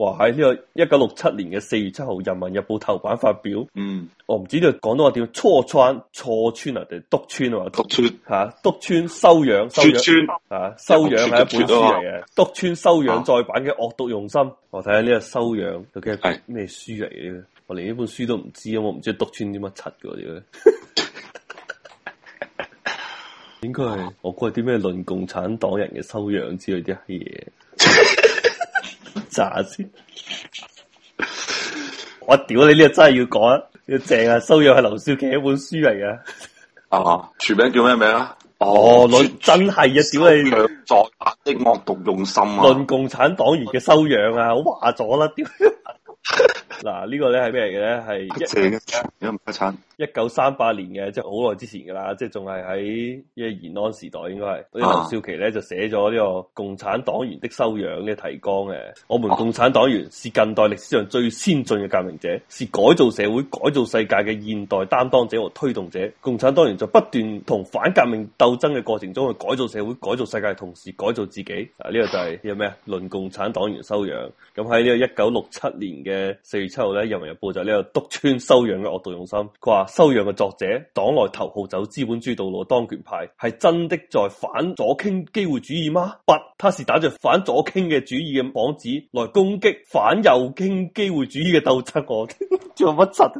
哇！喺呢個一九六七年嘅四月七號《人民日報》頭版發表。嗯，我唔、哦、知道講到我點樣錯穿錯穿啊，定係督穿啊，村啊？督穿吓？督穿修養修養村啊？修養係許村 一本書嚟嘅。督穿、啊、修養再版嘅惡毒用心。我睇下呢個修養究竟係咩書嚟嘅？欸、我連呢本書都唔知，我唔知督穿啲乜柒嘅喎？應該係我估係啲咩論共產黨人嘅修養之類啲嘢。 查下先，我屌你呢個真係要講，要正啊！修養係劉少奇一本書嚟嘅。啊，全名叫咩名啊？哦，真係啊！屌你 全，作下的惡毒用心啊！ 論共產黨員嘅修養啊，我話咗啦，屌！ 嗱呢個咧係咩嚟嘅咧？係一，有冇出產？一九三八年嘅，即係好耐之前噶啦，即係仲係喺嘅延安時代，應該係。嗰啲劉少奇咧就寫咗呢，這個《共產黨員的修養》呢個提綱嘅。我們共產黨員是近代歷史上最先進嘅革命者，是改造社會、改造世界嘅現代擔當者和推動者。共產黨員在不斷同反革命鬥爭嘅過程中，去改造社會、改造世界，同時改造自己。啊，呢個就係叫咩啊？《論共產黨員修養》。咁喺呢個一九六七年嘅四之後咧《人民日報》就呢度督穿修養嘅惡毒用心，佢話修養嘅作者黨內頭號走資本主義道路當權派係真的在反左傾機會主義嗎？不，他是打着反左傾嘅主義嘅幌子來攻擊反右傾機會主義嘅鬥爭，我做乜柒？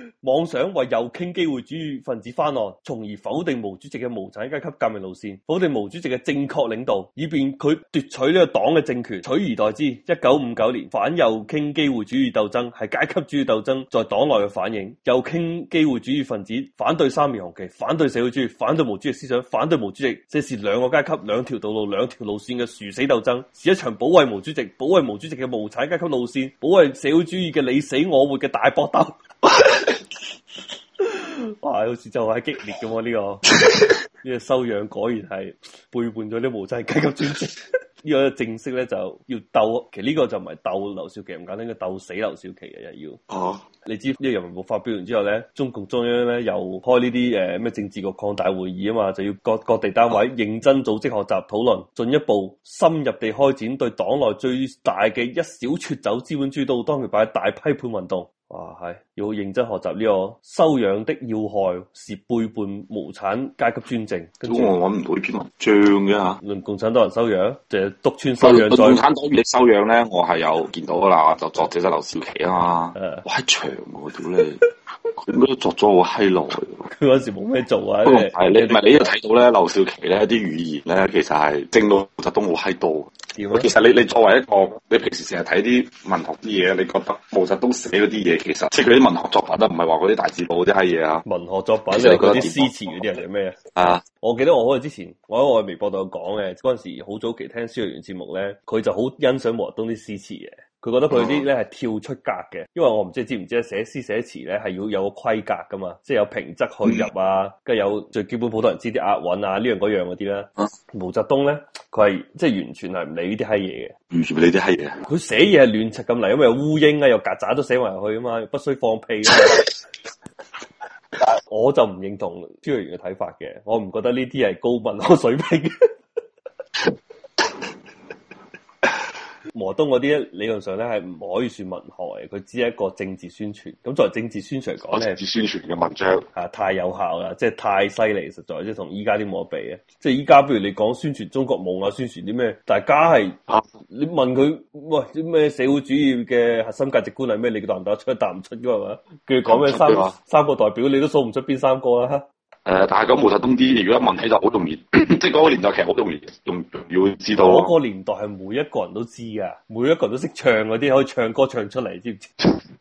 妄想為右傾機會主義分子翻案，從而否定毛主席嘅無產階級革命路線，否定毛主席嘅正確領導，以便佢奪取呢個黨嘅政權，取而代之。一九五九年反右傾機會主義鬥爭係階級主義鬥爭在黨內嘅反應，右傾機會主義分子反對三面紅旗，反對社會主義，反對毛主席思想，反對毛主席，這是兩個階級、兩條道路、兩條路線嘅殊死鬥爭，是一場保衛毛主席、保衛毛主席嘅無產階級路線、保衛社會主義嘅你死我活嘅大搏鬥。 哇！這個、好似就係激烈咁喎，呢、這個呢 個修養果然係背叛咗啲無產階級專政。呢 個正式咧就要鬥，其實呢個就唔係鬥劉少奇唔簡單，應該鬥死劉少奇嘅，又要。吓、啊、你知？呢、這個、人民日報發表完之後咧，中共中央咧又開呢啲誒咩政治局擴大會議啊嘛，就要各各地單位認真組織學習討論，進一步深入地開展對黨內最大嘅一小撮走資，資本主義道路當權派大批判運動。啊，係要認真學習呢、這個修養的要害，是背叛無產階級專政。咁我搵唔到呢篇文章嘅吓，論共產黨人修養，就係讀穿修養。共產黨員修養咧，我係有見到噶啦，就作者就劉少奇啊嘛。啊哇，長喎點咧？ 佢應該都作咗好閪耐，佢嗰陣時冇咩做啊。不過是係些你，唔係是你又睇到咧，劉少奇咧啲語言咧，其實係正到毛澤東好閪多。嗎其實你你作為一個你平時成日睇啲文學啲嘢，你覺得毛澤東寫嗰啲嘢，其實即係佢啲文學作品都唔係話嗰啲大字報嗰啲閪嘢啊。文學作品嚟嗰啲詩詞嗰啲係咩啊？啊我記得我好耐之前，我喺我微博度講嘅嗰陣時，好早期聽《蕭若元》節目咧，佢就好欣賞毛澤東啲詩詞嘅。佢覺得佢啲咧係跳出格嘅，因為我唔知你知唔知啊，寫詩寫詞咧係要有個規格噶嘛，即係有平仄去入啊，跟住有最基本普通人知啲押韻啊，呢樣嗰樣嗰啲啦。毛澤東咧，佢係即係完全係唔理呢啲閪嘢嘅，完全唔理啲閪嘢。佢寫嘢係亂七咁嚟，因為有烏蠅啊，又曱甴都寫埋入去啊嘛，不須放屁 我。我就唔認同朱耀源嘅睇法嘅，我唔覺得呢啲係高文學水平。河東嗰啲理論上咧係唔可以算文學嘅，佢只係一個政治宣傳。咁作為政治宣傳嚟講咧，政治宣傳嘅文章啊太有效啦，即係太犀利，實在即係同依家啲冇得比嘅。即係依家，譬如你講宣傳中國夢啊，宣傳啲咩，大家係、啊、你問佢喂啲咩社會主義嘅核心價值觀係咩？你答唔答出？答唔出噶嘛？佢講咩三三個代表，你都數唔出邊三個啦。誒、呃，但係講毛澤東啲，如果一問起就好容易，即係嗰個年代其實好容易，容易會知道。嗰個年代係每一個人都知㗎，每一個人都識唱嗰啲，可以唱歌唱出嚟，知唔知？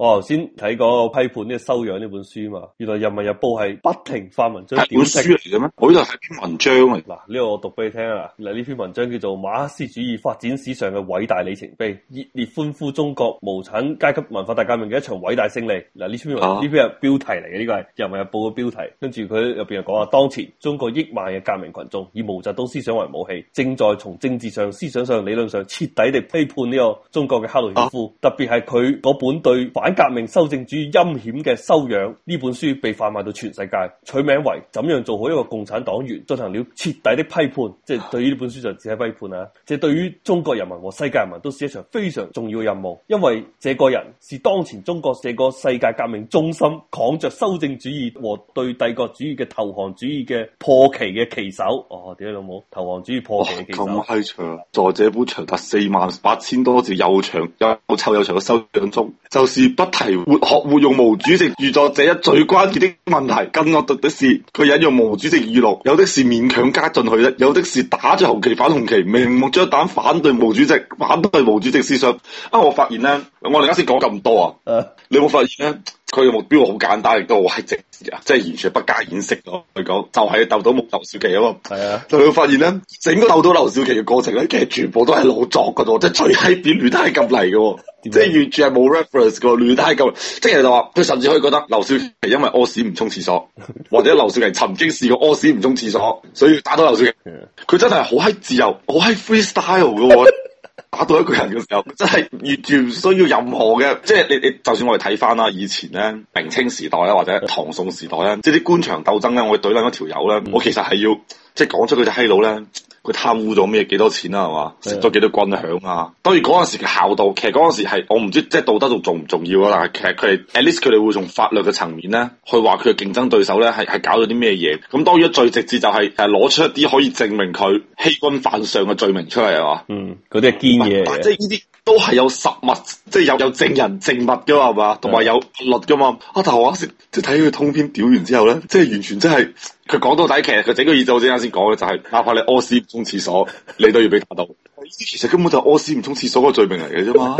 我頭先睇嗰個批判呢個修養呢本書嘛，原來人民日報係不停發文章，係本書嚟嘅咩？我呢度係篇文章嚟。嗱呢個我讀俾你聽啊，嗱呢篇文章叫做《馬克思主義發展史上嘅偉大里程碑》，熱烈歡呼中國無產階級文化大革命嘅一場偉大勝利。嗱呢篇呢、啊、篇係標題嚟嘅，呢、呢個係人民日報嘅標題。跟住佢入邊又講話，當前中國億萬嘅革命群眾以毛澤東思想為武器，正在從政治上、思想上、理論上徹底地批判呢個中國嘅赫魯曉夫，啊、特別係佢嗰本對擺。革命修正主義陰險嘅修養呢本書被販賣到全世界，取名為《怎樣做好一個共產黨員》，進行了徹底的批判，即係對於呢本書就展開批判啊，即係對於中國人民和世界人民都是一場非常重要嘅任務，因為這個人是當前中國這個世界革命中心扛着修正主義和對帝國主義嘅投降主義嘅破旗嘅旗手。哦，屌你老母投降主義破旗嘅旗手，咁閪長，在這本長達四萬八千多字又長又臭又長嘅修養中，就是。不提活學活用毛主席著作這一最關鍵的問題。更惡毒的是，佢引用毛主席語錄，有的是勉強加進去咧，有的是打着紅旗反紅旗，明目張膽反對毛主席，反對毛主席思想。啊！我發現咧，我哋啱先講咁多啊，你有冇發現咧？佢嘅目標好簡單，亦都好直，即係完全不加掩飾咯。佢講就係鬥倒劉少奇啊嘛。係啊，佢發現咧，整個鬥倒劉少奇嘅過程咧，其實全部都係老作嘅啫，即係最閪編亂都係咁嚟嘅。即係完全係冇 reference 嘅，亂嚟㗎。即係就話，佢甚至可以覺得劉少奇因為屙屎唔沖廁所， 或者劉少奇曾經試過屙屎唔沖廁所，所以打到劉少奇。佢 真係好閪自由，好閪 freestyle 嘅喎。 打到一個人嘅時候，真係完全唔需要任何嘅。即係 你你，就算我哋睇翻啦，以前咧明清時代咧，或者唐宋時代咧，即係啲官場鬥爭咧，我哋懟冧一條友咧， 我其實係要。即係講出佢隻閪佬咧，佢貪污咗咩？幾多錢啦，係嘛？食咗幾多軍餉啊？當然嗰陣時嘅孝道，其實嗰陣時係我唔知，即係道德仲重唔重要咯？但係其實佢哋 at least 佢哋會從法律嘅層面咧，去話佢嘅競爭對手咧係係搞咗啲咩嘢？咁當然最直接就係誒攞出一啲可以證明佢欺君犯上嘅罪名出嚟啊！嗯，嗰啲係堅嘢，即係呢啲都係有實物，即係有有證人證物噶嘛，係嘛？同埋有律噶嘛？啊，但係我食即係睇佢通篇屌完之後咧，即係完全真係。佢講到底，其實佢整個宇宙。好似啱先講嘅，就係、是、哪怕你屙屎唔沖廁所，你都要俾打到。其實根本就係屙屎唔沖廁所個罪名嚟嘅啫嘛。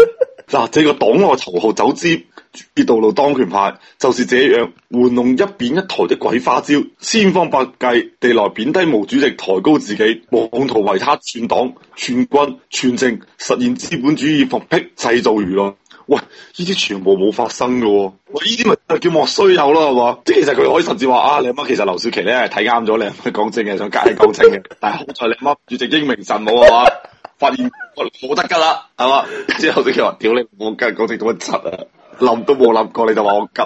嗱， 這個黨內頭號走資本主義道路當權派，就是這樣玩弄一變一台的鬼花招，千方百計地來貶低毛主席，抬高自己，妄圖為他篡黨、篡軍、篡政，實現資本主義復辟，製造輿論。喂，呢啲全部冇發生嘅喎，喂，呢啲咪就叫莫須有啦，係嘛？即係其實佢可以甚至話啊，你阿媽其實劉少奇咧睇啱咗你媽，講真嘅想解釋講清嘅， 但係好在你阿媽主席英明神武啊嘛， 發現我冇得噶啦，係嘛？之後劉少奇話，屌 你，我梗係講清到一柒啊？ 諗都冇諗過你就話我急，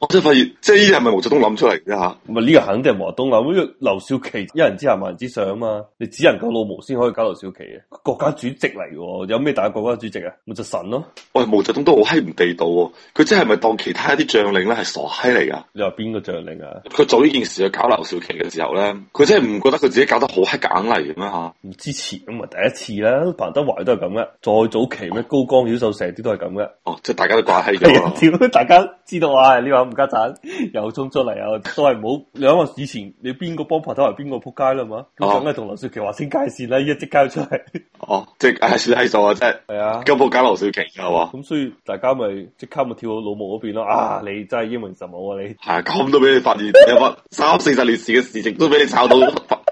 我真係發現，即係呢啲係咪毛澤東諗出嚟啫吓？唔係呢個肯定係毛澤東諗。因為劉少奇一人之下萬人之上啊嘛，你只能夠老毛先可以搞劉少奇嘅國家主席嚟，有咩大國家主席啊？咪就神咯！喂，毛澤東咯。我毛澤東都好閪唔地道，佢真係咪當其他一啲將領咧係傻閪嚟噶？你話邊個將領啊？佢做呢件事去搞劉少奇嘅時候咧，佢真係唔覺得佢自己搞得好閪假嚟嘅咩？吓？唔支持咁啊第一次啦，彭德懷都係咁嘅，再早期咩高崗、饒漱石啲都係咁嘅。哦，即係大家都怪。係，只要 大家知道啊、哎，你話冚家鏟又衝出嚟，啊。都係唔好，兩個。以前你邊個幫彭濤，係邊個扑街啦嘛？咁梗係同劉少奇話先界綫啦，一即交出嚟。哦、啊，即係算係數啊，真係，係啊，咁冇交劉少奇噶嘛？咁所以大家咪即刻咪跳到老毛嗰邊咯。啊，你真係英明神武啊！你係咁都俾你發現，有乜 三四十年前嘅事情都俾你炒到，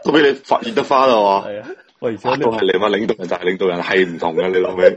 都俾你發現得翻啦係啊，喂，而且、 哎、都係你話領導人就係領導人係唔同嘅，你老味。